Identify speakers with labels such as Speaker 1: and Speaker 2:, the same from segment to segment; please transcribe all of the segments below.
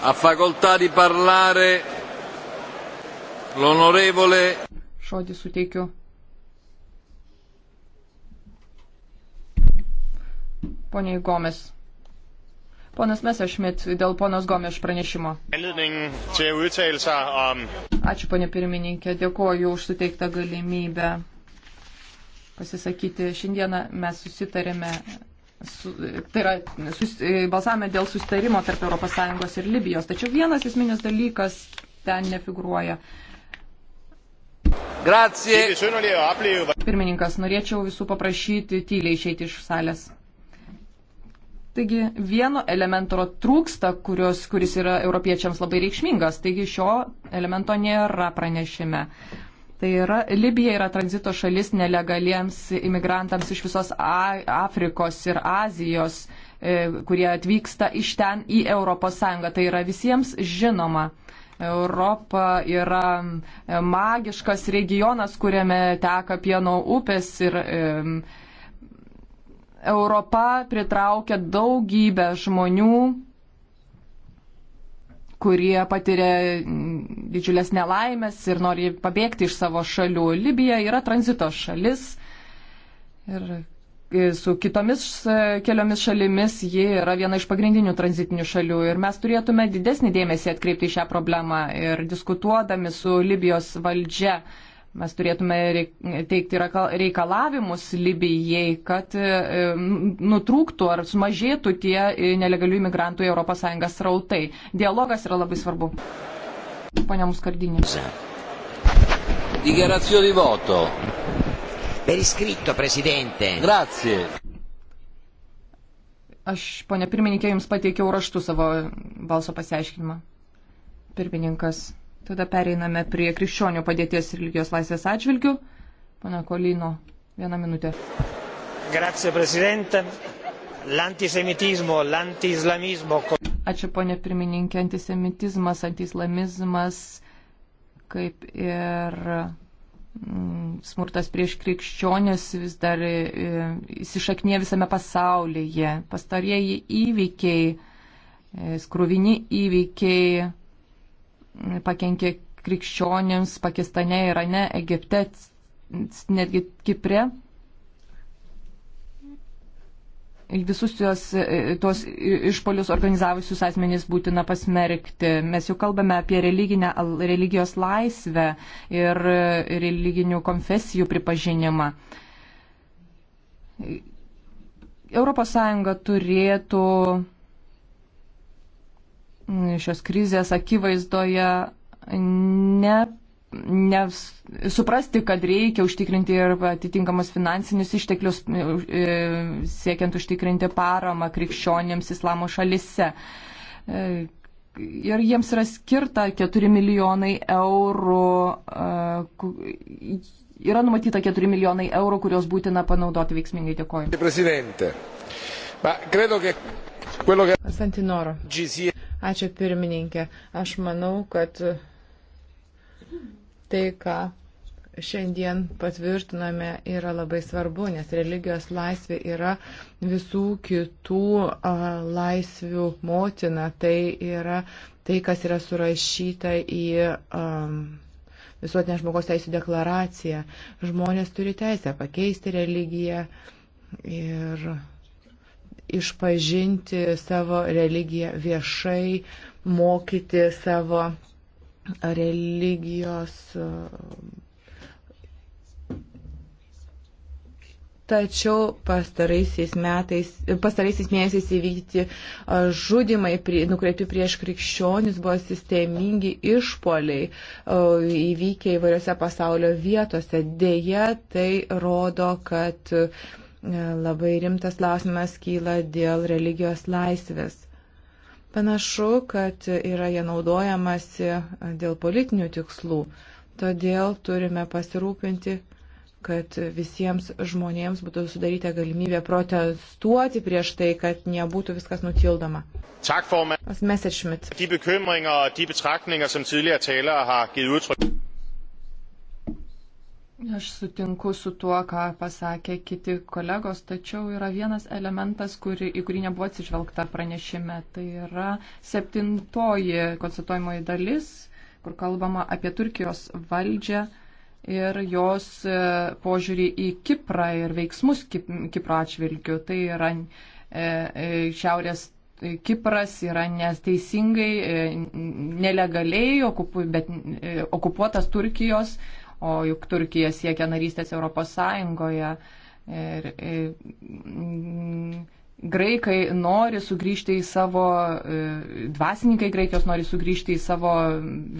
Speaker 1: Ha facoltà di parlare l'onorevole.
Speaker 2: Žodį suteikiu. Pone Gomes. Ponas Mesešmit, dėl ponos Gomeš pranešimo. Ačiū, ponė pirmininkė, dėkoju už suteiktą galimybę pasisakyti. Šiandieną mes susitarėme su, tai yra sus, e, balsavome dėl sustarimo tarp ES ir Libijos. Tačiau vienas esminis dalykas ten nefigūruoja.
Speaker 1: Grazie.
Speaker 2: Pirmininkas, norėčiau visų paprašyti tyliai išeiti iš salės. Taigi vieno elemento trūksta, kurios, kuris yra europiečiams labai reikšmingas. Taigi šio elemento nėra pranešime. Tai yra, Libija yra tranzito šalis nelegaliems imigrantams iš visos A Afrikos ir Azijos, e, kurie atvyksta iš ten į ES. Tai yra visiems žinoma. Europa yra e, magiškas regionas, kuriame teka pieno upės ir e, Europa pritraukia daugybę žmonių kurie patiria didžiulės nelaimės ir nori pabėgti iš savo šalių. Libija yra tranzito šalis ir su kitomis e, keliomis šalimis ji yra viena iš pagrindinių tranzitinių šalių ir mes turėtume didesnį dėmesį atkreipti į šią problemą ir diskutuodami su Libijos valdžia Mes turėtume teikti reikalavimus Libijai, kad e, nutrūktų ar sumažėtų tie e, nelegalių imigrantų į ES rautai. Dialogas yra labai svarbu. Pane Muskardinė.
Speaker 1: Dichiarazione di voto. Per iscritto, Presidente. Grazie.
Speaker 2: Aš, ponė pirmininkė, Jums pateikiau raštu savo balso pasiaiškinimą. Pirmininkas. Tada pereiname prie krikščionių padėties religijos laisvės atžvilgių. Pana Kolino, vieną minutę.
Speaker 1: Grazie, prezidente. L'antisemitizmo, l'antislamizmo.
Speaker 2: Ačiū, ponė pirmininkė, antisemitizmas, antislamizmas, kaip ir mm, smurtas prieš krikščionės vis dar e, įsišaknė visame pasaulyje. Pastarieji įvykiai, e, skruvini įvykiai pakenkė krikščionims Pakistane, Irane, Egipte, netgi Kipre. Visus juos, tuos išpolius organizavusius asmenys būtina pasmerkti. Mes jau kalbame apie religinę, religijos laisvę ir religinių konfesijų pripažinimą. ES turėtų šios krizės akivaizdoje ne, ne, suprasti, kad reikia užtikrinti ir atitinkamus finansinius išteklius, e, e, siekiant užtikrinti paramą krikščionėms islamo šalise. E, ir jiems yra skirta 4 milijonai eurų. Yra numatyta 4 milijonai eurų,
Speaker 3: kurios būtina panaudoti veiksmingai. Dėkoju. Konstantinoro. Ačiū pirmininkė. Aš manau, kad tai, ką šiandien patvirtiname, yra labai svarbu, nes religijos laisvė yra visų kitų a, laisvių motina. Tai yra tai, kas yra surašyta į a, visuotinę žmogaus teisų deklaraciją. Žmonės turi teisę pakeisti religiją ir išpažinti savo religiją viešai, mokyti savo religijos. Tačiau pastaraisiais, metais, pastaraisiais mėnesiais įvykti žudimai prie, nukreipti prieš krikščionis buvo sistemingi išpoliai įvykę įvairiose pasaulio vietose. Deja, tai rodo, kad uh, E, labai rimtas klausimas kyla dėl religijos laisvės. Panašu, kad yra jie naudojamasi dėl politinių tikslų. Todėl turime pasirūpinti, kad visiems žmonėms būtų sudaryta galimybė protestuoti prieš tai, kad nebūtų viskas nutildoma.
Speaker 2: Tak, formand.
Speaker 3: Messerschmidt.
Speaker 2: De bekymringer og de betragtninger, som tidligere talere har givet udtryk
Speaker 3: Aš sutinku su tuo, ką
Speaker 2: pasakė kiti kolegos, tačiau yra vienas elementas, kuri, į kurį nebuvo atsižvelgta pranešime. Tai yra septintoji konstatuojamoji dalis, kur kalbama apie Turkijos valdžią ir jos e, požiūrį į Kiprą ir veiksmus Kip, Kipro atžvilgių. Tai yra e, e, šiaurės Kipras yra neteisingai, e, nelegaliai okupu, bet, e, okupuotas Turkijos, o juk Turkija siekia narystės Europos Sąjungoje. Ir, ir, mm, graikai nori sugrįžti į savo, dvasininkai Graikijos nori sugrįžti į savo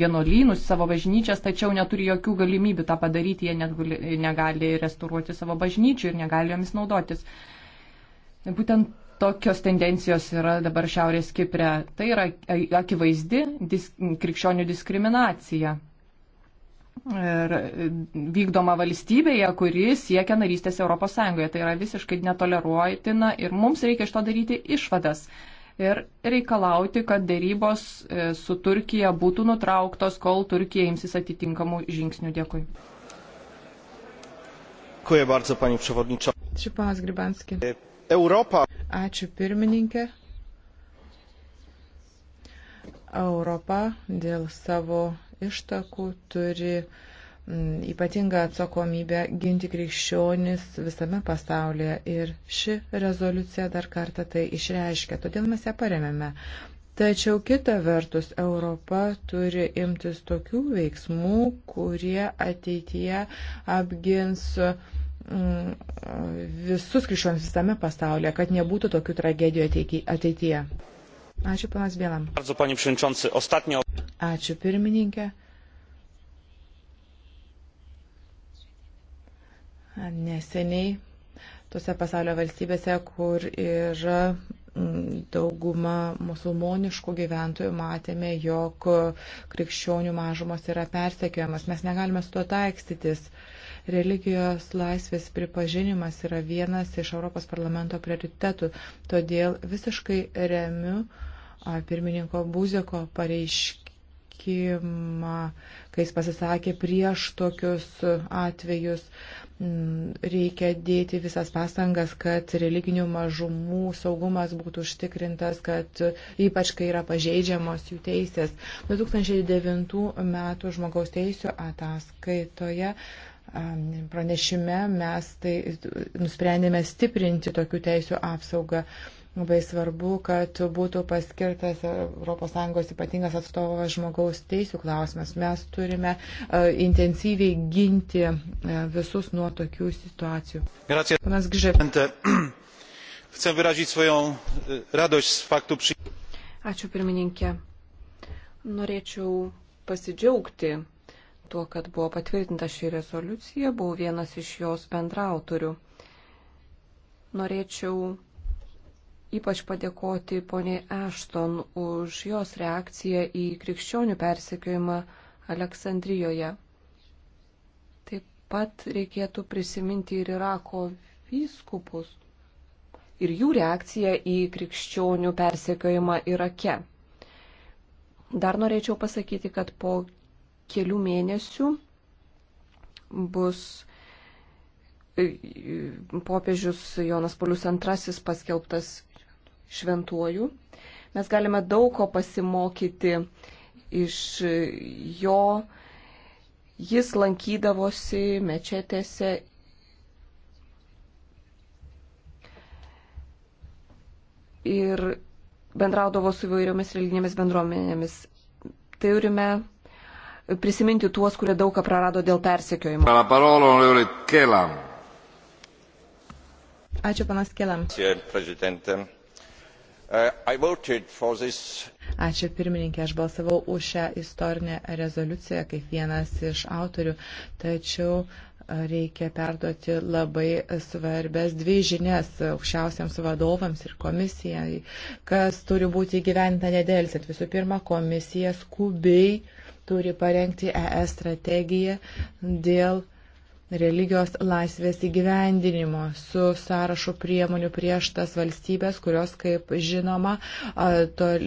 Speaker 2: vienuolynus, savo bažnyčias, tačiau neturi jokių galimybių tą padaryti, jie negali, negali restauruoti savo bažnyčių ir negali jomis naudotis. Būtent tokios tendencijos yra dabar Šiaurės Kipre. Tai yra akivaizdi dis, krikščionių diskriminacija ir vykdoma valstybėje, kuri siekia narystės ES. Tai yra visiškai netoleruotina ir mums reikia iš to daryti išvadas. Ir reikalauti, kad dėrybos e, su Turkija būtų nutrauktos, kol
Speaker 3: Turkija imsis atitinkamų žingsnių. Dėkui.
Speaker 1: Dziękuję bardzo, pani przewodnicząca.
Speaker 3: Ačiū, panas Gribanski. E, Europa. Ačiū, pirmininkė. Europa dėl savo ištakų turi mm, ypatingą atsakomybę ginti krikščionis visame pasaulyje ir ši rezoliucija dar kartą tai išreiškia, todėl mes ją paremėme. Tačiau kita vertus, Europa turi imtis tokių veiksmų, kurie ateityje apgins mm, visus krikščionis visame pasaulyje, kad nebūtų tokių tragedijų ateityje. Ačiū, panas Bėlam. Ačiū, pirmininkė. Neseniai tose pasaulio valstybėse, kur yra mm, dauguma musulmoniškų gyventojų matėme, jog krikščionių mažumos yra persekiojamas. Mes negalime su to taikstytis. Religijos laisvės pripažinimas yra vienas iš Europos parlamento prioritetų. Todėl visiškai remiu uh, pirmininko Buzeko pareiškimą, kai jis pasisakė prieš tokius atvejus. Mm, reikia dėti visas pastangas, kad religinių mažumų saugumas būtų užtikrintas, kad ypač kai yra pažeidžiamos jų teisės. 2009 m. žmogaus teisų ataskaitoje pranešime mes tai nusprendėme stiprinti tokių teisų apsaugą. Labai svarbu, kad būtų paskirtas ES ypatingas atstovas žmogaus teisų klausimas. Mes turime uh, intensyviai ginti uh, visus nuo tokių situacijų.
Speaker 1: Gracias. Panas Gžep. Chcę wyrazić swoją e, radość z faktu przy...
Speaker 4: Ačiū pirmininkė. Norėčiau pasidžiaugti tuo, kad buvo patvirtinta ši rezoliucija, buvau vienas iš jos bendrautorių. Norėčiau ypač padėkoti poniai Ashton už jos reakciją į krikščionių persekiojimą Aleksandrijoje. Taip pat reikėtų prisiminti ir Irako vyskupus ir jų reakciją į krikščionių persekiojimą Irake. Dar norėčiau pasakyti, kad po kelių mėnesių bus e, popiežius Jonas Paulius II paskelbtas šventuoju. Mes galime daug ko pasimokyti iš jo. Jis lankydavosi mečetėse ir bendraudavo su įvairiomis religinėmis bendruomenėmis. Tai turime prisiminti tuos, kurie daugą prarado dėl persekiojimo.
Speaker 3: Ačiū, panas Kelam. Uh, Ačiū pirmininkė, aš balsavau už šią istorinę rezoliuciją kaip vienas iš autorių, tačiau uh, reikia perduoti labai svarbės dvi žinias aukščiausiams vadovams ir komisijai, kas turi būti įgyventa nedėlsit. Visų pirma, komisija skubiai turi parengti ES strategiją dėl religijos laisvės įgyvendinimo su sąrašu priemonių prieš tas valstybės, kurios, kaip žinoma,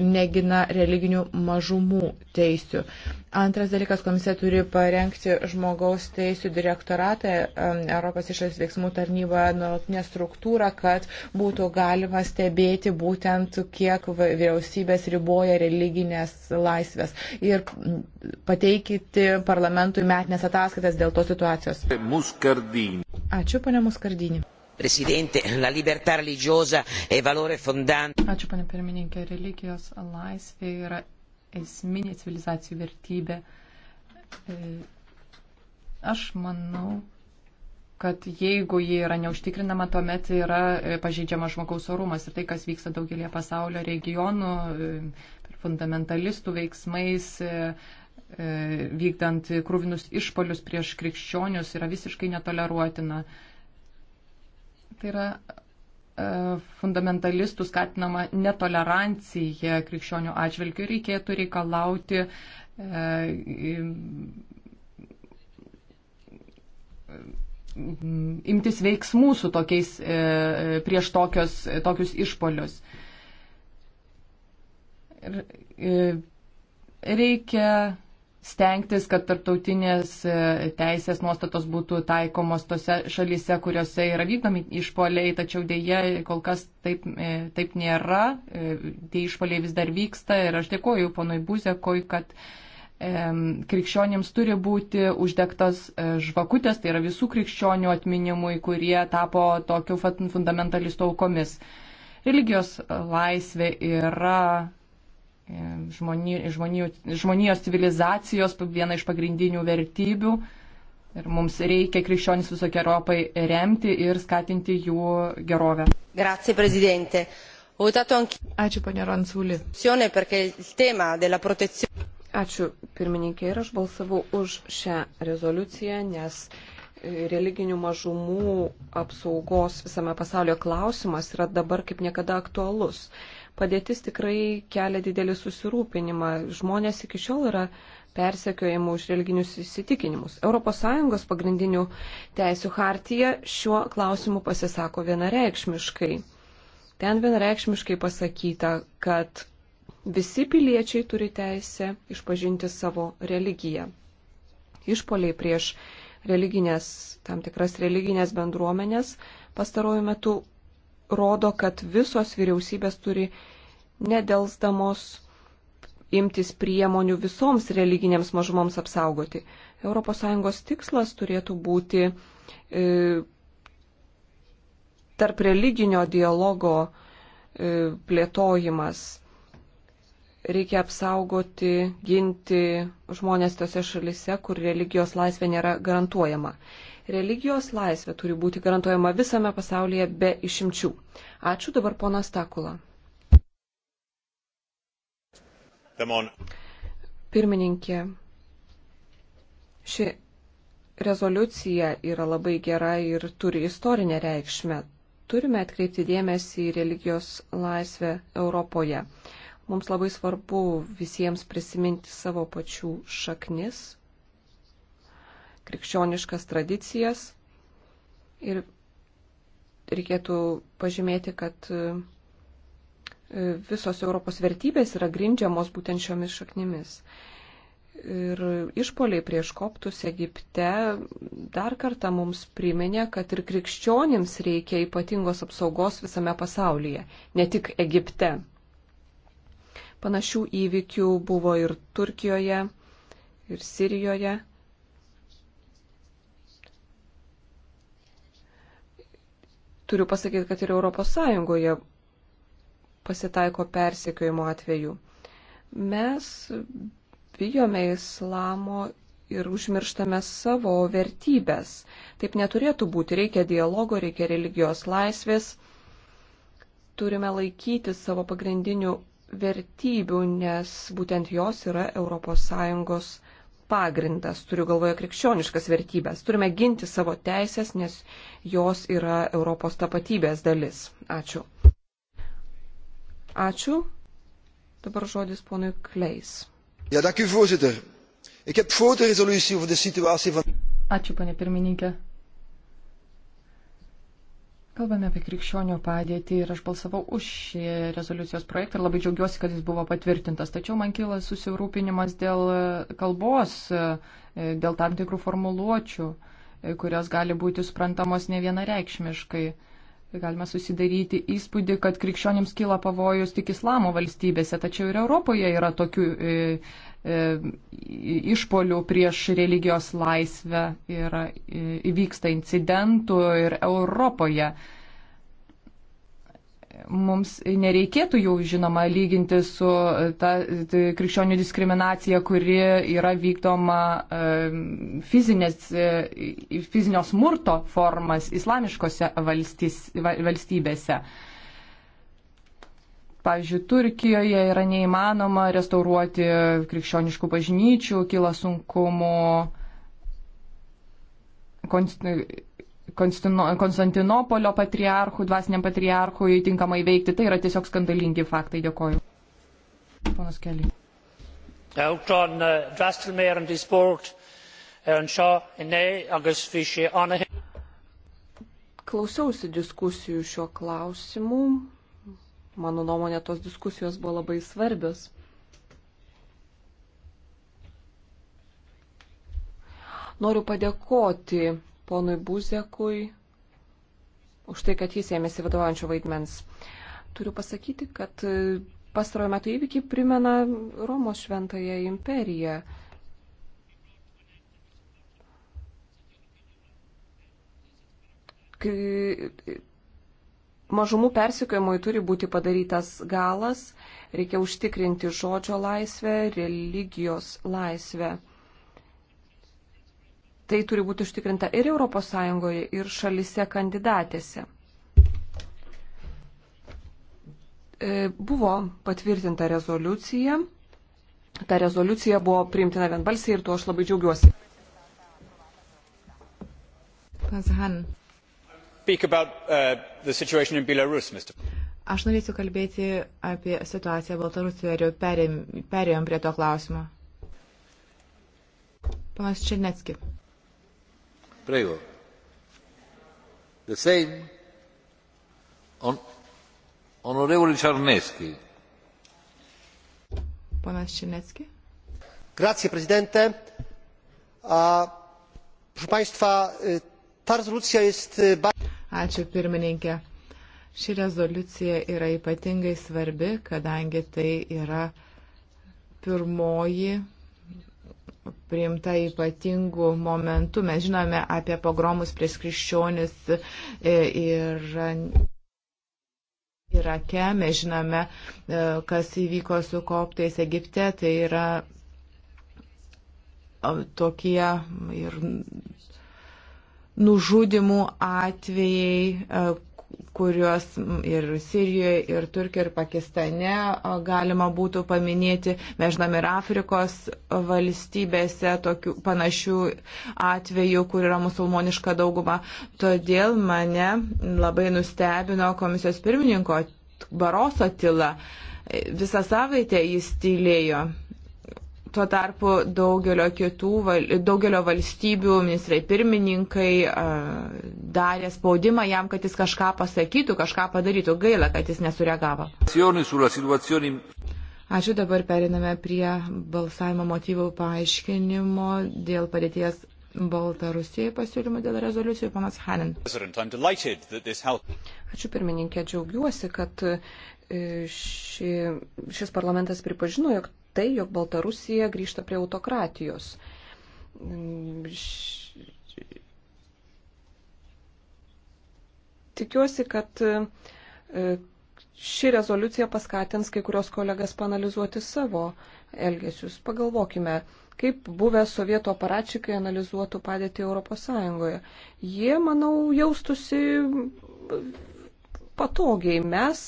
Speaker 3: negina religinių mažumų teisių. Antras dalykas, komisija turi parengti žmogaus teisų direktoratą, Europos išorės veiksmų tarnybą, nuolatinę struktūrą, kad būtų galima stebėti būtent, kiek vyriausybės riboja religinės laisvės ir pateikti parlamentui metinės ataskaitas dėl tos situacijos.
Speaker 1: Muscardini.
Speaker 3: Ačiū, ponia Muscardini.
Speaker 4: Presidente, la libertà religiosa è valore fondante.
Speaker 3: Ačiū, ponia
Speaker 2: pirmininkė. Religijos laisvė yra esminė civilizacijų vertybė. E, aš manau, kad jeigu ji yra neužtikrinama, tuomet yra e, pažeidžiama žmogaus orumas ir tai, kas vyksta daugelie pasaulio regionų, e, fundamentalistų veiksmais, E, vykdant krūvinus išpolius prieš krikščionius yra visiškai netoleruotina. Tai yra e, fundamentalistų skatinama netolerancija krikščionių atžvilgių reikėtų reikalauti e, imtis veiksmų su tokiais, prieš tokios, tokius išpolius. Ir reikia stengtis, kad tarptautinės e, teisės nuostatos būtų taikomos tose šalyse, kuriuose yra vykdomi išpoliai, tačiau dėje kol kas taip, e, taip nėra, e, tie išpoliai vis dar vyksta ir aš dėkoju ponui Buzekoj, kad krikščionims turi būti uždegtas žvakutės, tai yra visų krikščionių atminimui, kurie tapo tokių fundamentalistų aukomis. Religijos laisvė yra žmoni, žmonių, žmonijos civilizacijos viena iš pagrindinių vertybių. Ir mums reikia krikščionis visokie Europai remti ir skatinti jų gerovę. Grazie, prezidente. Ačiū, ponė Ransulį. Ačiū, pirmininkė, ir aš
Speaker 4: balsavau už šią rezoliuciją, nes e, religinių mažumų apsaugos visame pasaulio klausimas yra dabar kaip niekada aktualus. Padėtis tikrai kelia didelį susirūpinimą. Žmonės iki šiol yra persekiojimų už religinius įsitikinimus. ES pagrindinių teisų hartija šiuo klausimu pasisako vienareikšmiškai. Ten vienareikšmiškai pasakyta, kad visi piliečiai turi teisę išpažinti savo religiją. Išpoliai prieš religinės, tam tikras religinės bendruomenės pastarojų metų rodo, kad visos vyriausybės turi nedelsdamos imtis priemonių visoms religinėms mažumoms apsaugoti. ES tikslas turėtų būti e, tarp religinio dialogo e, plėtojimas reikia apsaugoti, ginti žmonės tose šalise, kur religijos laisvė nėra garantuojama. Religijos laisvė turi būti garantuojama visame pasaulyje be išimčių. Ačiū dabar pona Stakula. Pirmininkė, ši rezoliucija yra labai gera ir turi istorinę reikšmę. Turime atkreipti dėmesį į religijos laisvę Europoje. Mums labai svarbu visiems prisiminti savo pačių šaknis, krikščioniškas tradicijas ir reikėtų pažymėti, kad e, visos Europos vertybės yra grindžiamos būtent šiomis šaknimis. Ir išpoliai prieš koptus Egipte dar kartą mums priminė, kad ir krikščionims reikia ypatingos apsaugos visame pasaulyje, ne tik Egipte. Panašių įvykių buvo ir Turkijoje, ir Sirijoje. Turiu pasakyti, kad ir Europos Sąjungoje pasitaiko persekiojimo atveju. Mes bijome islamo ir užmirštame savo vertybės. Taip neturėtų būti. Reikia dialogo, reikia religijos laisvės. Turime laikyti savo pagrindinių vertybių, nes būtent jos yra ES pagrindas, turiu galvoje krikščioniškas vertybės. Turime ginti savo teisės, nes jos yra Europos tapatybės dalis. Ačiū. Ačiū. Dabar žodis ponui Kleis.
Speaker 1: Ja, dank u, voorzitter. Ik heb voor de resolutie over de situatie van.
Speaker 2: Ačiū, ponė pirmininkė. Kalbame apie krikščionių padėtį ir aš balsavau už šį rezoliucijos projektą ir labai džiaugiuosi, kad jis buvo patvirtintas. Tačiau man kyla susirūpinimas dėl kalbos, e, dėl tam tikrų formuluočių, e, kurios gali būti suprantamos ne vienareikšmiškai. Galime susidaryti įspūdį, kad krikščionims kyla pavojus tik islamo valstybėse, tačiau ir Europoje yra tokių e, E, išpolių prieš religijos laisvę ir e, įvyksta incidentų ir Europoje. Mums nereikėtų jau, žinoma, lyginti su ta krikščionių diskriminacija, kuri yra vykdoma e, fizinės, fizinio smurto formas islamiškose valstys, valstybėse pavyzdžiui, Turkijoje yra neįmanoma restauruoti krikščioniškų bažnyčių, kyla sunkumų. Konstantinopolio patriarchų, dvasiniam patriarchui tinkamai veikti. Tai yra tiesiog skandalingi faktai. Dėkoju. Ponas Kelly.
Speaker 1: Uh, er
Speaker 4: Klausiausi diskusijų šiuo klausimu Mano nuomonė, tos diskusijos buvo labai svarbios. Noriu padėkoti ponui Buzekui už tai, kad jis ėmėsi vadovaujančio vaidmens. Turiu pasakyti, kad pastarojo metu įvykiai primena Romos šventąją imperiją. Kai mažumų persikiojimui turi būti padarytas galas, reikia užtikrinti žodžio laisvę, religijos laisvę. Tai turi būti užtikrinta ir ES, ir šalise kandidatėse. E, buvo patvirtinta rezoliucija. Ta rezoliucija buvo priimtina vienbalsiai ir tuo aš labai
Speaker 3: džiaugiuosi. Pas Han
Speaker 2: about, uh, Belarus,
Speaker 3: Aš norėsiu kalbėti apie situaciją Baltarusijoje ir jau perėm, perėjom prie to klausimo. Panas Černecki.
Speaker 1: Prego. The same. On, onorevole Czarnecki.
Speaker 3: Panas Czarnecki. Grazie, prezydente. A, proszę Państwa, ta rezolucja jest bardzo Ačiū pirmininkė. Ši rezoliucija yra ypatingai svarbi, kadangi tai yra pirmoji priimta ypatingų momentų. Mes žinome apie pogromus prieš krikščionis ir e, Irake, mes žinome, e, kas įvyko su koptais Egipte, tai yra e, tokie ir nužudimų atvejai, e, kuriuos ir Sirijoje, ir Turkijoje, ir Pakistane e, galima būtų paminėti. Mes žinome ir Afrikos valstybėse tokių panašių atvejų, kur yra musulmoniška dauguma. Todėl mane labai nustebino komisijos pirmininko Baroso tyla. Visą savaitę jis tylėjo. Tuo tarpu daugelio kitų, daugelio valstybių ministrai pirmininkai darė spaudimą jam, kad jis kažką pasakytų, kažką padarytų. Gaila, kad jis nesureagavo. Ačiū, dabar periname prie balsavimo motyvų paaiškinimo dėl padėties Baltarusijai pasiūlymų dėl rezoliucijų, panas Hanin.
Speaker 1: Ačiū
Speaker 4: pirmininkė, džiaugiuosi, kad e, ši, šis parlamentas pripažino, jog tai, jog Baltarusija grįžta prie autokratijos. Tikiuosi, kad e, ši rezoliucija paskatins kai kurios kolegas panalizuoti savo elgesius. Pagalvokime, kaip buvę sovietų aparačikai analizuotų padėtį ES. Jie, manau, jaustusi patogiai. Mes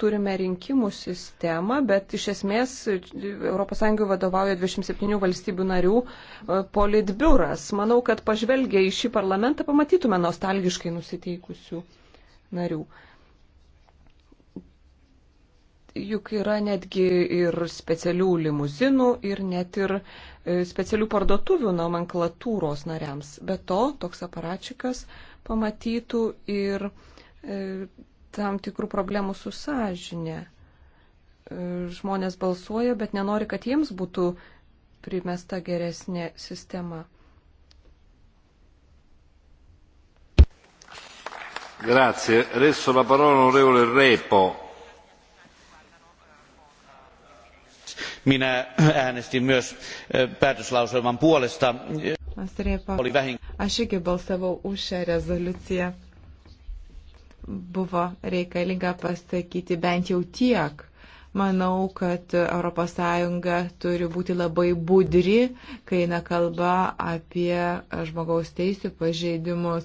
Speaker 4: turime rinkimų sistemą, bet iš esmės ES vadovauja 27 valstybių narių e, politbiuras. Manau, kad pažvelgę į šį parlamentą pamatytume nostalgiškai nusiteikusių narių. Juk yra netgi ir specialių limuzinų, ir net ir e, specialių parduotuvių nomenklatūros nariams. Be to, toks aparačikas pamatytų ir e, tam tikrų problemų su sąžinė. E, žmonės balsuoja, bet nenori, kad jiems būtų primesta geresnė sistema.
Speaker 1: Grazie. Adesso la parola onorevole Repo. Minä äänestin myös päätöslauselman puolesta. Oli vähin...
Speaker 3: Aš irgi balsavau už šią rezoliuciją buvo reikalinga pasakyti bent jau tiek. Manau, kad ES turi būti labai budri, kai eina kalba apie žmogaus teisų pažeidimus.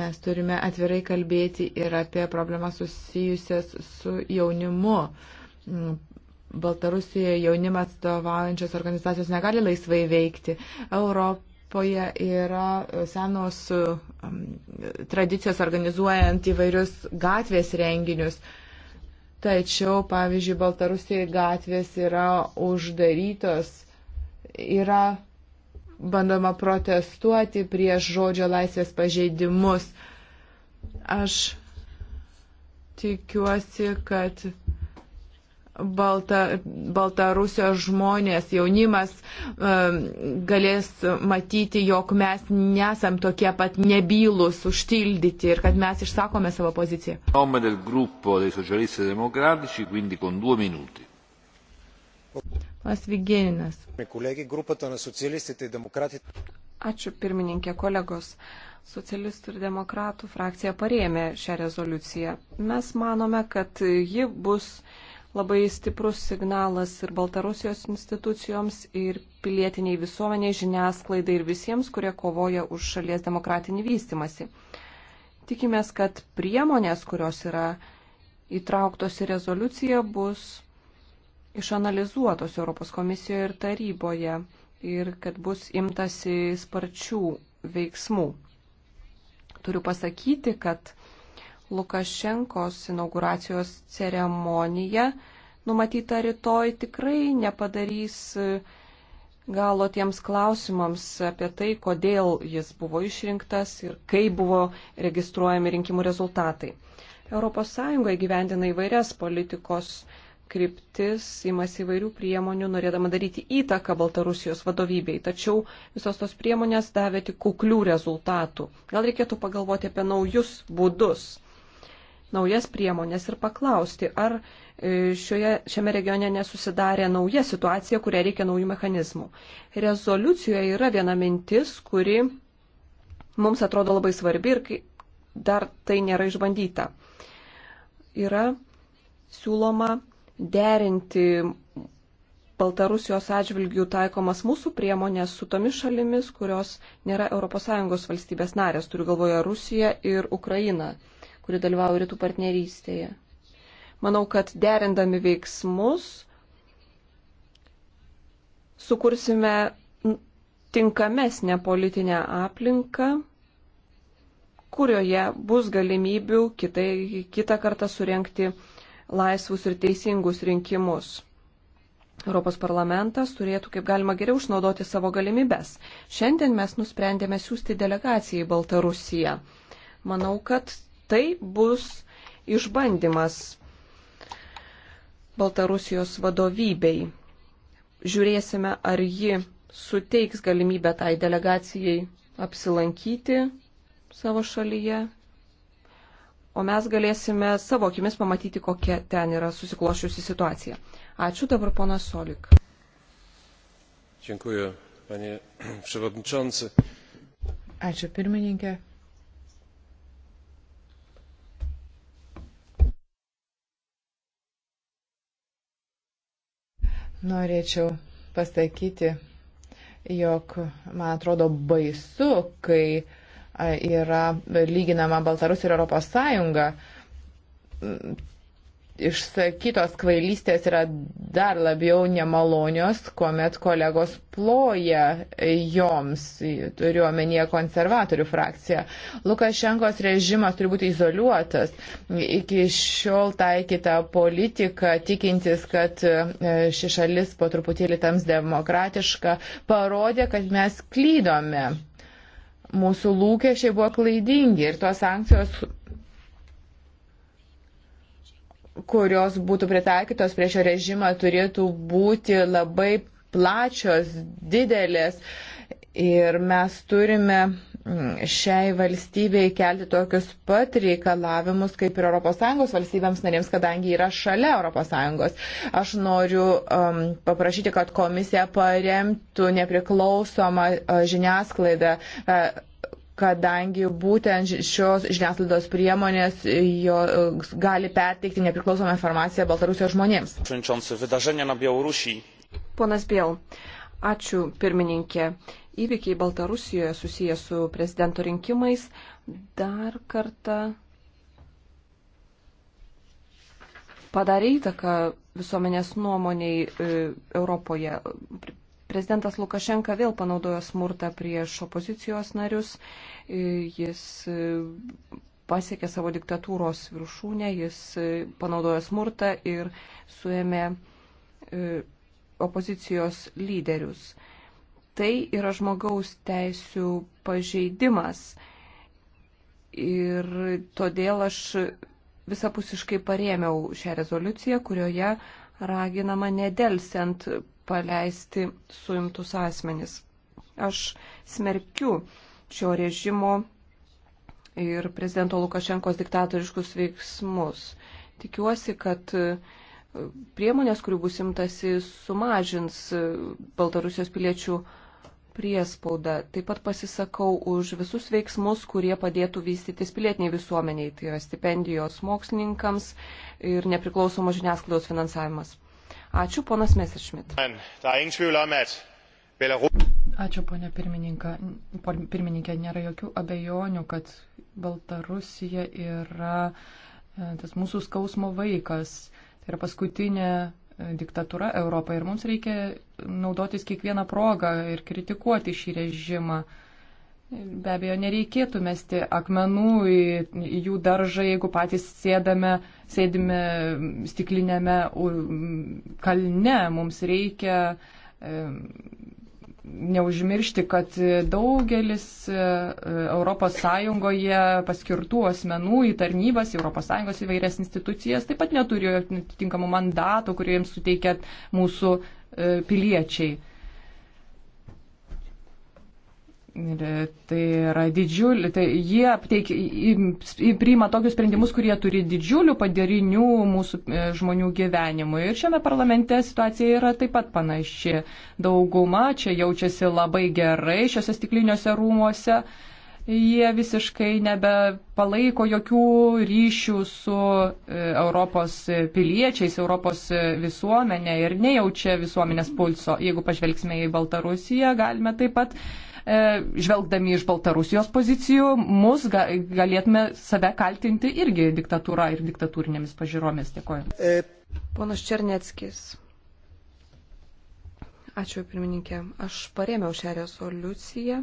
Speaker 3: Mes turime atvirai kalbėti ir apie problemas susijusias su jaunimu. Baltarusijoje jaunimas atstovaujančios organizacijos negali laisvai veikti. Europą Europoje yra e, senos e, tradicijos organizuojant įvairius gatvės renginius. Tačiau, pavyzdžiui, Baltarusijoje gatvės yra uždarytos, yra bandoma protestuoti prieš žodžio laisvės pažeidimus. Aš tikiuosi, kad Balta, Baltarusijos žmonės, jaunimas um, galės matyti, jog mes nesam tokie pat nebylus, užtildyti ir kad mes išsakome savo poziciją. E Pas Vigeninas.
Speaker 1: E
Speaker 4: Ačiū pirmininkė kolegos. Socialistų ir demokratų frakcija parėmė šią rezoliuciją. Mes manome, kad ji bus uh, labai stiprus signalas ir Baltarusijos institucijoms, ir pilietiniai visuomeniai, žiniasklaidai ir visiems, kurie kovoja už šalies demokratinį vystimasi. Tikimės, kad priemonės, kurios yra įtrauktos į rezoliuciją, bus išanalizuotos Europos komisijoje ir taryboje ir kad bus imtasi sparčių veiksmų. Turiu pasakyti, kad Lukašenkos inauguracijos ceremonija numatyta rytoj tikrai nepadarys e, galo tiems klausimams apie tai, kodėl jis buvo išrinktas ir kaip buvo registruojami rinkimų rezultatai. ES gyvendina įvairias politikos kryptis, imasi įvairių priemonių, norėdama daryti įtaką Baltarusijos vadovybei. Tačiau visos tos priemonės davė tik kuklių rezultatų. Gal reikėtų pagalvoti apie naujus būdus naujas priemonės ir paklausti, ar e, šioje, šiame regione nesusidarė nauja situacija, kuria reikia naujų mechanizmų. Rezoliucijoje yra viena mintis, kuri mums atrodo labai svarbi ir dar tai nėra išbandyta. Yra siūloma derinti Baltarusijos atžvilgių taikomas mūsų priemonės su tomis šalimis, kurios nėra ES valstybės narės, turiu galvoje Rusiją ir Ukrainą kuri dalyvauja rytų partnerystėje. Manau, kad derindami veiksmus sukursime tinkamesnę politinę aplinką, kurioje bus galimybių kitai, kitą kartą surenkti laisvus ir teisingus rinkimus. Europos parlamentas turėtų kaip galima geriau išnaudoti savo galimybes. Šiandien mes nusprendėme siūsti delegaciją į Baltarusiją. Manau, kad tai bus išbandymas Baltarusijos vadovybei. Žiūrėsime, ar ji suteiks galimybę tai delegacijai apsilankyti savo šalyje, o mes galėsime savo akimis pamatyti, kokia ten yra susiklošiusi situacija. Ačiū dabar
Speaker 3: ponas Solik.
Speaker 1: Dziękuję, panie przewodniczący.
Speaker 3: Ačiū pirmininkė. Norėčiau pasakyti, jog man atrodo baisu, kai yra lyginama Baltarusija ir Europos Sąjunga išsakytos kvailystės yra dar labiau nemalonios, kuomet kolegos ploja joms, turiu omenyje konservatorių frakciją. Lukašenkos režimas turi būti izoliuotas. Iki šiol taikyta politika, tikintis, kad e, ši šalis po truputėlį tams demokratiška, parodė, kad mes klydome. Mūsų lūkesčiai buvo klaidingi ir tos sankcijos kurios būtų pritaikytos prie šio režimo, turėtų būti labai plačios, didelės. Ir mes turime mm, šiai valstybei kelti tokius pat reikalavimus kaip ir ES valstybėms narėms, kadangi yra šalia ES. Aš noriu um, paprašyti, kad komisija paremtų nepriklausomą uh, žiniasklaidą. Uh, kadangi būtent šios žiniasklaidos priemonės jo, gali perteikti nepriklausomą informaciją Baltarusijos žmonėms.
Speaker 4: Ponas Biel, ačiū pirmininkė. Įvykiai Baltarusijoje susiję su prezidento rinkimais dar kartą padarė įtaką visuomenės nuomoniai e, Europoje Prezidentas Lukašenka vėl panaudojo smurtą prieš opozicijos narius. Jis e, pasiekė savo diktatūros viršūnę, jis e, panaudojo smurtą ir suėmė e, opozicijos lyderius. Tai yra žmogaus teisų pažeidimas. Ir todėl aš visapusiškai parėmiau šią rezoliuciją, kurioje raginama nedelsiant paleisti suimtus asmenis. Aš smerkiu šio režimo ir prezidento Lukašenkos diktatoriškus veiksmus. Tikiuosi, kad e, priemonės, kurių bus imtasi, sumažins e, Baltarusijos piliečių priespaudą. Taip pat pasisakau už visus veiksmus, kurie padėtų vystytis pilietiniai visuomeniai, tai yra stipendijos mokslininkams ir nepriklausomos žiniasklaidos finansavimas. Ačiū, ponas Messerschmidt. Er
Speaker 2: Ačiū, ponė pirmininkė. Nėra jokių abejonių, kad Baltarusija yra e, tas mūsų skausmo vaikas. Tai yra paskutinė e, diktatūra Europoje ir mums reikia naudotis kiekvieną progą ir kritikuoti šį režimą. Be abejo, nereikėtų mesti akmenų į, į jų daržą, jeigu patys sėdame, sėdime stiklinėme kalne. Mums reikia e, neužmiršti, kad daugelis ES paskirtų asmenų į tarnybas, ES įvairias institucijas taip pat neturi tinkamų mandatų, kuriems suteikia mūsų e, piliečiai. Ir tai yra didžiulį, tai jie teik, priima tokius sprendimus, kurie turi didžiulių padarinių mūsų e, žmonių gyvenimui. Ir šiame parlamente situacija yra taip pat panaši. Dauguma čia jaučiasi labai gerai šiuose stikliniuose rūmuose. Jie visiškai nebepalaiko jokių ryšių su e, Europos piliečiais, Europos visuomenė ir nejaučia visuomenės pulso. Jeigu pažvelgsime į Baltarusiją, galime taip pat E, žvelgdami iš Baltarusijos pozicijų, mus galėtume save kaltinti irgi diktatūra ir diktatūrinėmis pažiūromis. Dėkoju.
Speaker 4: E, Ponas Černeckis. Ačiū, pirmininkė. Aš parėmiau šią rezoliuciją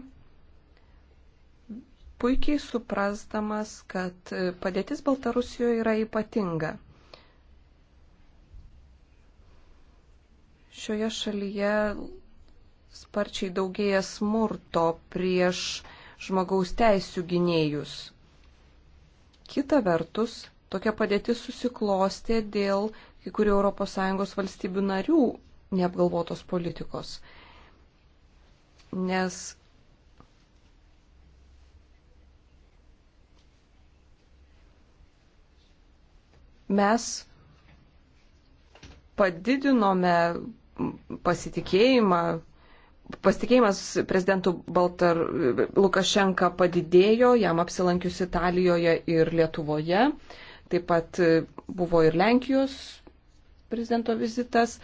Speaker 4: puikiai suprasdamas, kad padėtis Baltarusijoje yra ypatinga. Šioje šalyje sparčiai daugėja smurto prieš žmogaus teisų gynėjus. Kita vertus, tokia padėtis susiklostė dėl kai kurių ES valstybių narių neapgalvotos politikos. Nes mes padidinome pasitikėjimą pasitikėjimas prezidentu Baltar Lukašenka padidėjo, jam apsilankius Italijoje ir Lietuvoje. Taip pat e, buvo ir Lenkijos prezidento vizitas.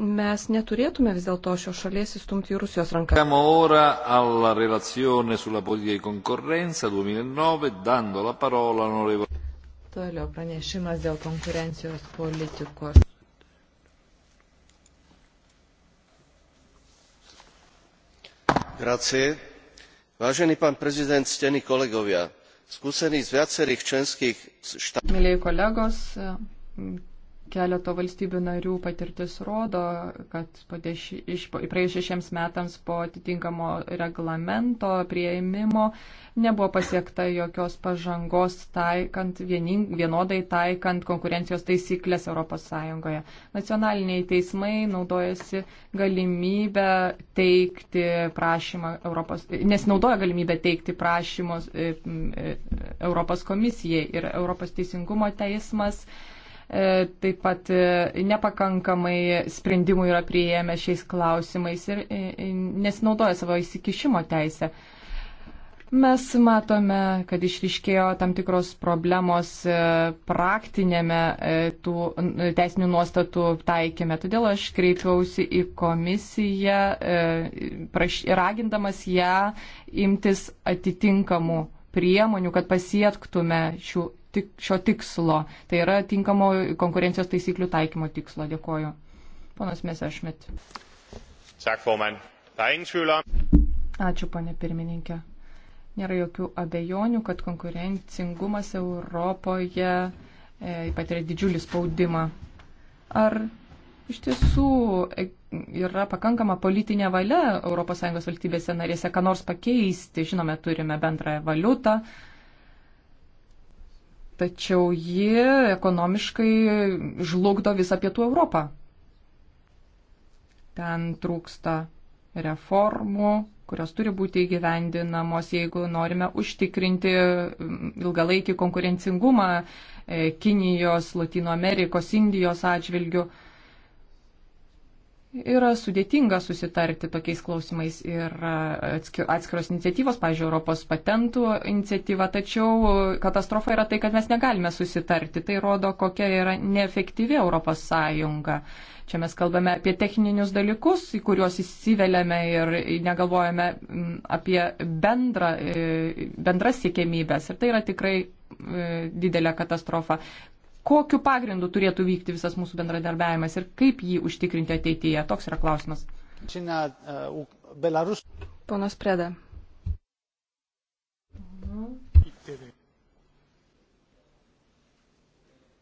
Speaker 4: Mes neturėtume vis dėlto šios šalies įstumti į Rusijos rankas.
Speaker 1: Siamo ora alla relazione sulla politica di concorrenza 2009, dando la parola onorevole.
Speaker 3: Toliau pranešimas dėl konkurencijos politikos.
Speaker 1: vážený pán prezident ctení kolegovia skúsenosť z viacerých členských štátov
Speaker 2: Keleto valstybių narių patirtis rodo, kad praėjus šešiems metams po atitinkamo reglamento prieimimo nebuvo pasiekta jokios pažangos taikant, viening, vienodai taikant konkurencijos taisyklės ES. Nacionaliniai teismai naudojasi galimybę teikti prašymą Europos, nesinaudoja galimybę teikti prašymus e, e, Europos komisijai ir Europos teisingumo teismas. E, taip pat e, nepakankamai sprendimų yra prieėmę šiais klausimais ir e, nesinaudoja savo įsikišimo teisę. Mes matome, kad išriškėjo tam tikros problemos praktinėme tų teisinių nuostatų taikėme. Todėl aš kreipiausi į komisiją, praš, ragindamas ją imtis atitinkamų priemonių, kad pasiektume šių tik, šio tikslo, tai yra tinkamo konkurencijos taisyklių taikymo tikslo. Dėkoju. Ponas Mesešmit. Er Ačiū, ponė pirmininkė. Nėra jokių abejonių, kad konkurencingumas Europoje e, patiria didžiulį spaudimą. Ar iš tiesų e, yra pakankama politinė valia ES valstybėse narėse, ką nors pakeisti? Žinome, turime bendrąją valiutą, tačiau ji ekonomiškai žlugdo visą pietų Europą. Ten trūksta reformų, kurios turi būti įgyvendinamos, jeigu norime užtikrinti mm, ilgalaikį konkurencingumą e, Kinijos, Latino Amerikos, Indijos atžvilgių. Yra sudėtinga susitarti tokiais klausimais ir e, atskiros iniciatyvos, pavyzdžiui, Europos patentų iniciatyva, tačiau katastrofa yra tai, kad mes negalime susitarti. Tai rodo, kokia yra neefektyvi Europos Sąjunga. Čia mes kalbame apie techninius dalykus, į kuriuos įsiveliame ir negalvojame apie bendra, e, bendras siekėmybės. Ir tai yra tikrai didelė katastrofa kokiu pagrindu turėtų vykti visas mūsų bendradarbiavimas ir kaip jį užtikrinti ateityje? Toks yra klausimas.
Speaker 1: Uh,
Speaker 4: Ponas Preda.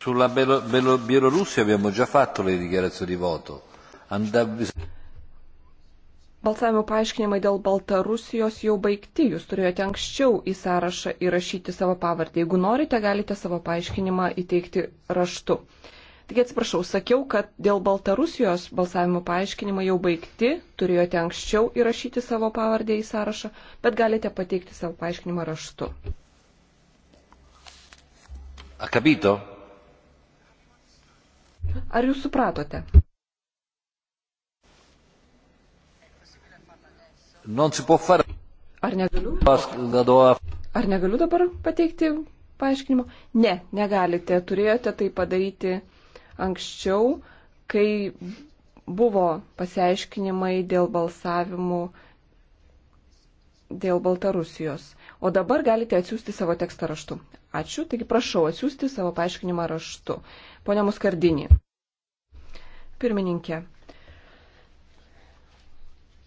Speaker 1: Sulla Bielorussia abbiamo già fatto le dichiarazioni di voto. Andab...
Speaker 4: Balsavimo paaiškinimai dėl Baltarusijos jau baigti, jūs turėjote anksčiau į sąrašą įrašyti savo pavardę. Jeigu norite, galite savo paaiškinimą įteikti raštu. Taigi atsiprašau, sakiau, kad dėl Baltarusijos balsavimo paaiškinimai jau baigti, turėjote anksčiau įrašyti savo pavardę į sąrašą, bet galite pateikti savo paaiškinimą raštu. Akabito. Ar jūs supratote?
Speaker 1: Ar
Speaker 4: negaliu? Ar negaliu dabar pateikti paaiškinimo? Ne, negalite. Turėjote tai padaryti anksčiau, kai buvo pasiaiškinimai dėl balsavimų dėl Baltarusijos. O dabar galite atsiųsti savo tekstą raštu. Ačiū, taigi prašau atsiųsti savo paaiškinimą raštu. Pone Muskardinį. Pirmininkė.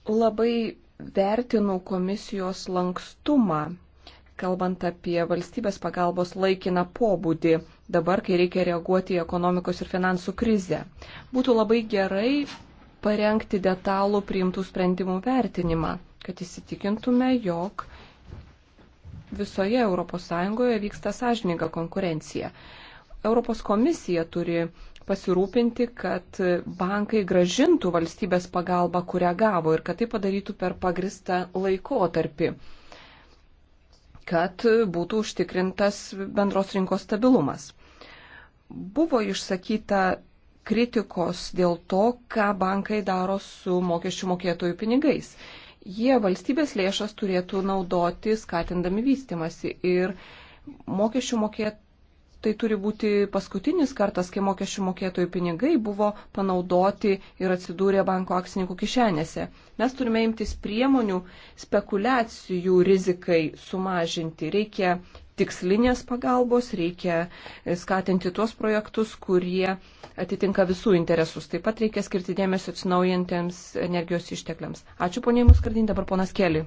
Speaker 4: Labai vertinu komisijos lankstumą, kalbant apie valstybės pagalbos laikiną pobūdį, dabar, kai reikia reaguoti į ekonomikos ir finansų krizę. Būtų labai gerai parengti detalų priimtų sprendimų vertinimą, kad įsitikintume, jog visoje ES vyksta sąžininga konkurencija. Europos komisija turi pasirūpinti, kad bankai gražintų valstybės pagalbą, kurią gavo ir kad tai padarytų per pagristą laikotarpį, kad būtų užtikrintas bendros rinkos stabilumas. Buvo išsakyta kritikos dėl to, ką bankai daro su mokesčių mokėtojų pinigais. Jie valstybės lėšas turėtų naudoti skatindami vystimasi ir mokesčių mokėtojų tai turi būti paskutinis kartas, kai mokesčių mokėtojų pinigai buvo panaudoti ir atsidūrė banko akcininkų kišenėse. Mes turime imtis priemonių spekulacijų rizikai sumažinti. Reikia tikslinės pagalbos, reikia skatinti tuos projektus, kurie atitinka visų interesus. Taip pat reikia skirti dėmesio atsinaujantiems energijos ištekliams. Ačiū poniai Muskardin, dabar ponas
Speaker 3: Keli.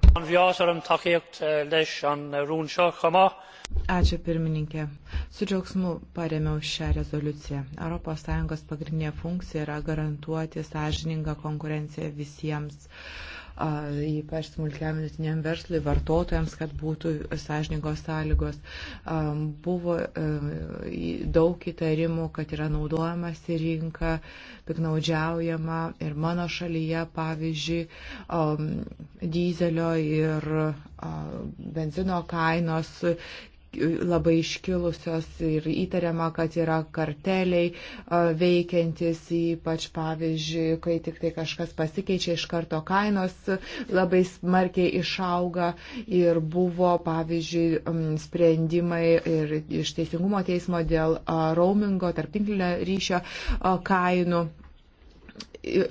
Speaker 3: Ačiū pirmininkė. Su džiaugsmu paremiau šią rezoliuciją. ES pagrindinė funkcija yra garantuoti sąžiningą konkurenciją visiems ypač smulkiam vidutiniam verslui, vartotojams, kad būtų sąžiningos sąlygos. Buvo e, daug įtarimų, kad yra naudojamasi rinka, piknaudžiaujama ir mano šalyje, pavyzdžiui, dyzelio ir benzino kainos labai iškilusios ir įtariama, kad yra karteliai veikiantis, ypač pavyzdžiui, kai tik tai kažkas pasikeičia, iš karto kainos labai smarkiai išauga ir buvo, pavyzdžiui, sprendimai ir iš Teisingumo teismo dėl roamingo, tarptinklinio ryšio kainų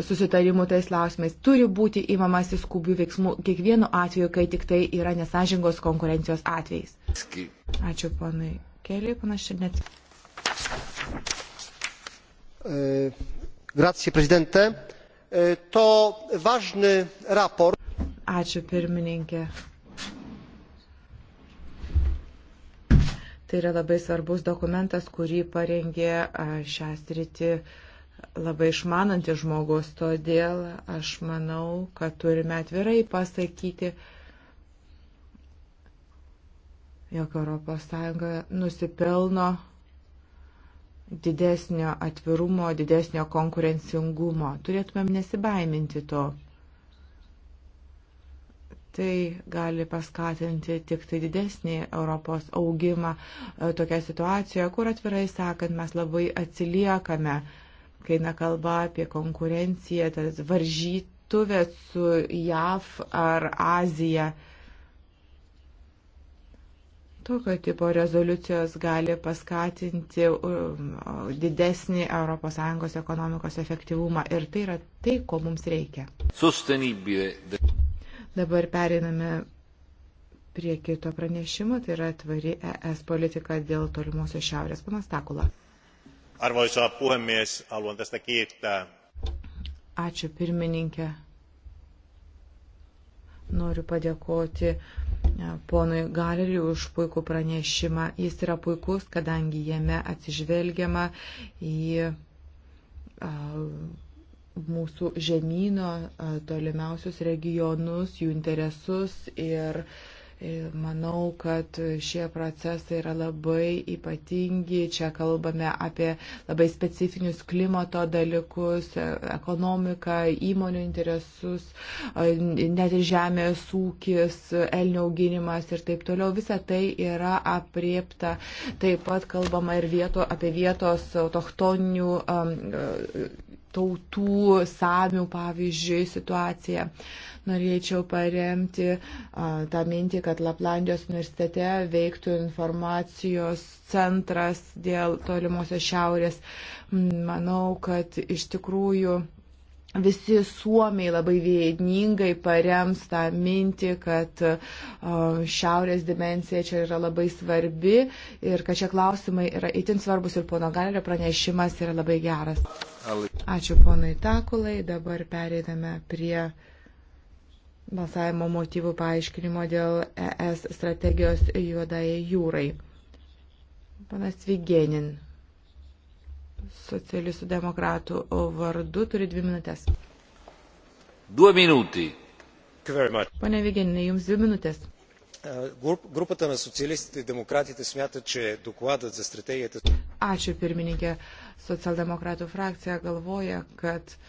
Speaker 3: susitarimų tais klausimais. Turi būti įmamasi skubių veiksmų kiekvienu atveju, kai tik tai yra nesažingos konkurencijos atvejais. Ačiū ponai Keliui, panašiai net.
Speaker 1: E, grazie, prezidente. E, to važny raport. Ačiū
Speaker 3: pirmininkė. Tai yra labai svarbus dokumentas, kurį parengė šią sritį uh, labai išmanantis žmogus, todėl aš manau, kad turime atvirai pasakyti, jog ES nusipelno didesnio atvirumo, didesnio konkurencingumo. Turėtumėm nesibaiminti to. Tai gali paskatinti tik tai didesnį Europos augimą e, tokia situacija, kur atvirai sakant mes labai atsiliekame uh, kai eina kalba apie konkurenciją, tas varžytuvės su JAV ar Azija. Tokio tipo rezoliucijos gali paskatinti didesnį ES ekonomikos efektyvumą ir tai yra tai, ko mums reikia.
Speaker 1: Sustenybė.
Speaker 3: Dabar periname prie kito pranešimo, tai yra tvari ES politika dėl tolimuosios šiaurės. Panas Takula.
Speaker 2: Arvoisa puhemies, haluan tästä kiittää.
Speaker 3: Ačiū pirmininkė. Noriu padėkoti e, ponui Galeriui už puikų pranešimą. Jis yra puikus, kadangi jame atsižvelgiama į e, mūsų žemynų e, tolimiausius regionus, jų interesus ir uh, Manau, kad šie procesai yra labai ypatingi. Čia kalbame apie labai specifinius klimato dalykus, ekonomiką, įmonių interesus, net ir žemės ūkis, elnio auginimas ir taip toliau. Visa tai yra apriepta. Taip pat kalbama ir vieto, apie vietos autochtonių. Um, tautų, samių, pavyzdžiui, situaciją. Norėčiau paremti a, tą mintį, kad Laplandijos universitete veiktų informacijos centras dėl tolimosios šiaurės. Manau, kad iš tikrųjų visi suomiai labai vieningai parems tą mintį, kad uh, šiaurės dimensija čia yra labai svarbi ir kad šie klausimai yra itin svarbus ir pono Galerio pranešimas yra labai geras. Ačiū ponui Takulai, dabar pereidame prie balsavimo motyvų paaiškinimo dėl ES strategijos juodai jūrai. Panas Vigenin socialistų demokratų vardu turi dvi minutės.
Speaker 1: Du minutį. Pane
Speaker 3: Vigeninė, jums dvi minutės.
Speaker 1: Групата на социалистите и демократите смята, че докладът за стратегията.
Speaker 3: Ačiū, pirmininkė. Socialdemokratų frakcija galvoja, kad uh,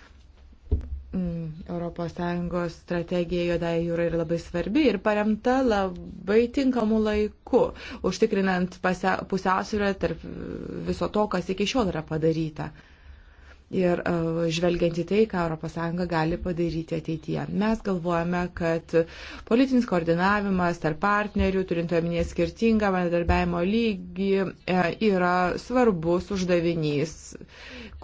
Speaker 3: Mm, ES strategija Jodai jūrai yra labai svarbi ir paremta labai tinkamu laiku, užtikrinant pusiausvyrą tarp viso to, kas iki šiol yra padaryta ir e, žvelgiant į tai, ką ES gali padaryti ateityje. Mes galvojame, kad politinis koordinavimas tarp partnerių, turint omenyje skirtingą bendradarbiavimo lygį, e, yra svarbus uždavinys,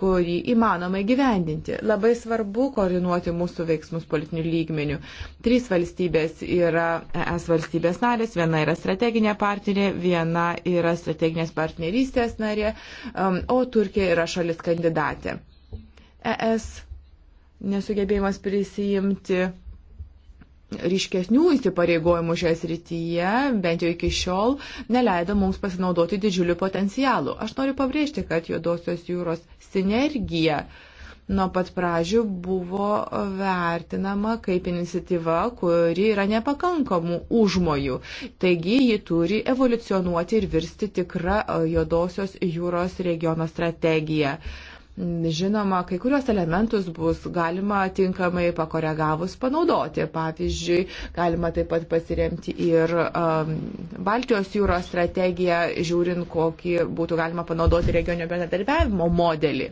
Speaker 3: kurį įmanoma įgyvendinti. Labai svarbu koordinuoti mūsų veiksmus politinių lygmenių. Trys valstybės yra ES valstybės narės, viena yra strateginė partnerė, viena yra strateginės partnerystės narė, e, o Turkija yra šalis kandidatė. ES nesugebėjimas prisijimti ryškesnių įsipareigojimų šioje srityje, bent jau iki šiol, neleido mums pasinaudoti didžiuliu potencialu. Aš noriu pabrėžti, kad Juodosios jūros sinergija nuo pat pradžių buvo vertinama kaip iniciatyva, kuri yra nepakankamų užmojų. Taigi ji turi evoliucionuoti ir virsti tikrą Juodosios jūros regiono strategiją. Uh, Žinoma, kai kurios elementus bus galima tinkamai pakoregavus panaudoti. Pavyzdžiui, galima taip pat pasiremti ir um, Baltijos jūros strategiją, žiūrint, kokį būtų galima panaudoti regioninio bendradarbiavimo modelį.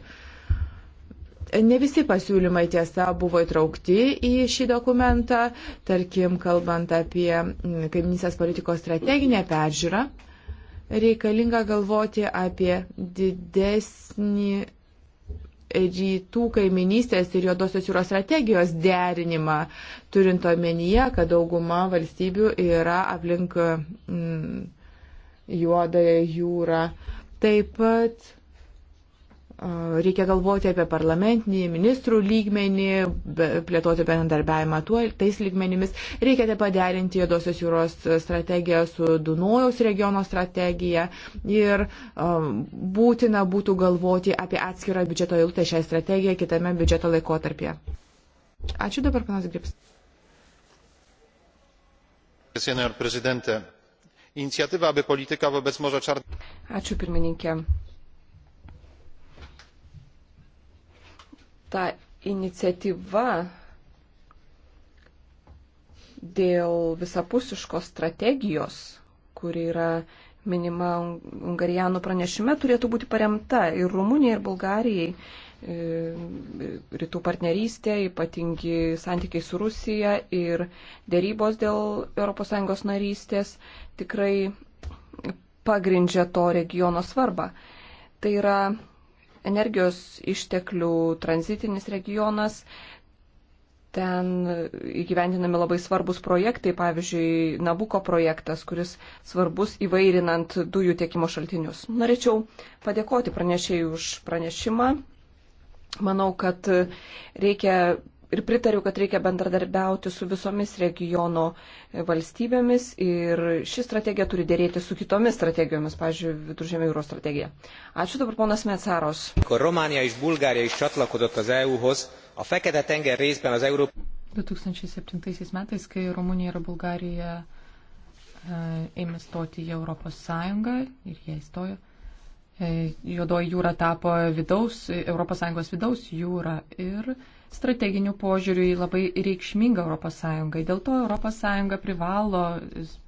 Speaker 3: Ne visi pasiūlymai tiesa buvo įtraukti į šį dokumentą, tarkim, kalbant apie mm, kaiminysės politikos strateginę peržiūrą, reikalinga galvoti apie didesnį rytų kaiminystės ir juodosios jūros strategijos derinimą, turint omenyje, kad dauguma valstybių yra aplink mm, juodąją jūrą. Taip pat Reikia galvoti apie parlamentinį, ministrų lygmenį, plėtoti bendarbiavimą tuo, tais lygmenimis. Reikia taip paderinti Jėdosios jūros strategiją su Dunojaus regiono strategija ir um, būtina būtų galvoti apie atskirą biudžeto eilutę šią strategiją kitame biudžeto laikotarpyje. Ačiū dabar, panas Grips.
Speaker 1: Senor prezidente, iniciatyva, aby politika wobec Morza Czarnego.
Speaker 4: Ačiū pirmininkė ta iniciatyva dėl visapusiškos strategijos, kuri yra minima Ungarijanų pranešime, turėtų būti paremta ir Rumunijai, ir Bulgarijai. E, rytų partnerystė, ypatingi santykiai su Rusija ir dėrybos dėl ES narystės tikrai pagrindžia to regiono svarbą. Tai yra energijos išteklių tranzitinis regionas. Ten įgyvendinami labai svarbus projektai, pavyzdžiui, Nabuko projektas, kuris svarbus įvairinant dujų tiekimo šaltinius. Norėčiau padėkoti pranešėjai už pranešimą. Manau, kad reikia ir pritariu, kad reikia bendradarbiauti su visomis regiono valstybėmis ir ši strategija turi dėrėti su kitomis strategijomis, pavyzdžiui, Viduržėmio jūros strategija. Ačiū dabar ponas Mecaros.
Speaker 3: Romanija iš Bulgarijos išatlakodot az EU-hoz, a Fekete tenger részben az Euró...
Speaker 2: 2007 metais, kai Rumunija ir Bulgarija ėmė stoti į Europos Sąjungą ir jie įstojo. Juodoji jūra tapo vidaus, Europos Sąjungos vidaus jūra ir uh, strateginių požiūrių į labai reikšmingą ES. Dėl to ES privalo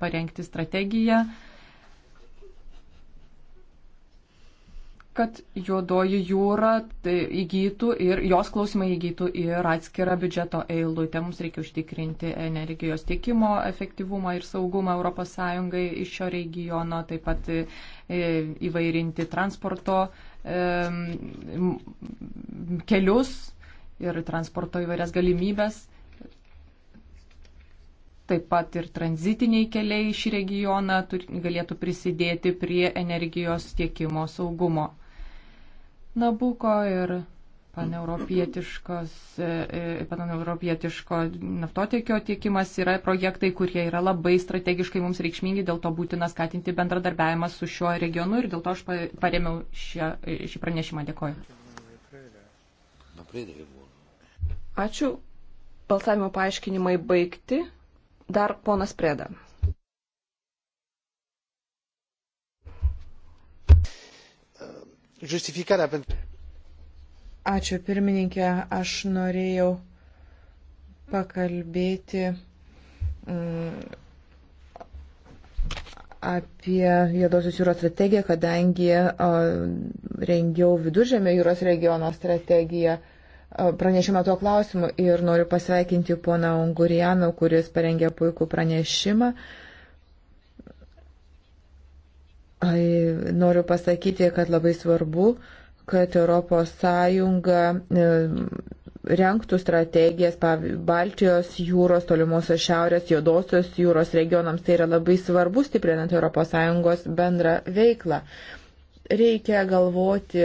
Speaker 2: parengti strategiją, kad juodoji jūra tai, įgytų ir jos klausimai įgytų ir atskirą biudžeto eilutę. Mums reikia užtikrinti energijos tiekimo efektyvumą ir saugumą ES iš šio regiono, taip pat e, įvairinti transporto kelius ir transporto įvairias galimybės. Taip pat ir tranzitiniai keliai į šį regioną galėtų prisidėti prie energijos tiekimo saugumo. Nabuko ir paneuropietiškos, e, e, paneuropietiško naftotiekio tiekimas yra projektai, kurie yra labai strategiškai mums reikšmingi, dėl to būtina skatinti bendradarbiavimą su šiuo regionu ir dėl to aš paremiau šią, šį pranešimą. Dėkoju.
Speaker 4: Ačiū. Balsavimo paaiškinimai baigti. Dar
Speaker 3: ponas Preda.
Speaker 1: Justificarea pentru.
Speaker 3: Ačiū pirmininkė, aš norėjau pakalbėti mm, apie Jėdosios jūros strategiją, kadangi rengiau viduržėmio jūros regiono strategiją pranešimą tuo klausimu ir noriu pasveikinti poną Ungurijaną, kuris parengė puikų pranešimą. Noriu pasakyti, kad labai svarbu, kad ES e, renktų strategijas Baltijos jūros, tolimosios šiaurės, juodosios jūros regionams. Tai yra labai svarbu stiprinant ES bendrą veiklą. Reikia galvoti,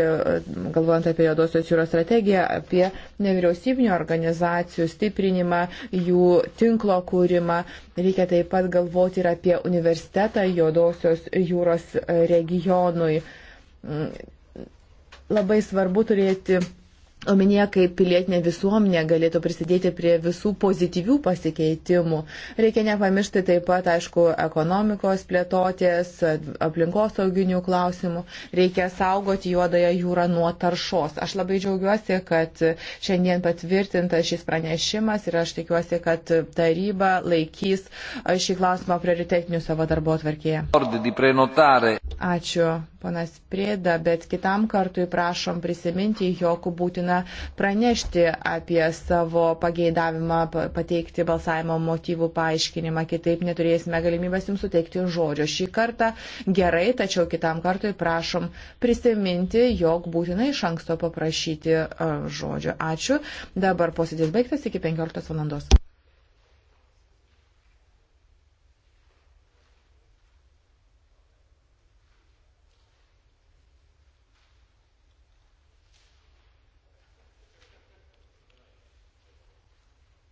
Speaker 3: galvojant apie Jodosios jūros strategiją, apie nevyriausybinio organizacijų stiprinimą, jų tinklo kūrimą. Reikia taip pat galvoti ir apie universitetą Jodosios jūros regionui. Mm, Labai svarbu turėti omenyje, kaip pilietinė visuomenė galėtų prisidėti prie visų pozityvių pasikeitimų. Reikia nepamiršti taip pat, aišku, ekonomikos plėtotės, aplinkosauginių klausimų. Reikia saugoti juodąją jūrą nuo taršos. Aš labai džiaugiuosi, kad šiandien patvirtintas šis pranešimas ir aš tikiuosi, kad taryba laikys šį klausimą prioritetiniu savo darbo atvarkėje. Ačiū, ponas Prėda, bet kitam kartui prašom prisiminti, jog būtina būtina pranešti apie savo pageidavimą pateikti balsavimo motyvų paaiškinimą, kitaip neturėsime galimybės jums suteikti žodžio. Šį kartą gerai, tačiau kitam kartui prašom prisiminti, jog būtinai iš anksto paprašyti žodžio. Ačiū. Dabar posėdis baigtas iki 15 valandos.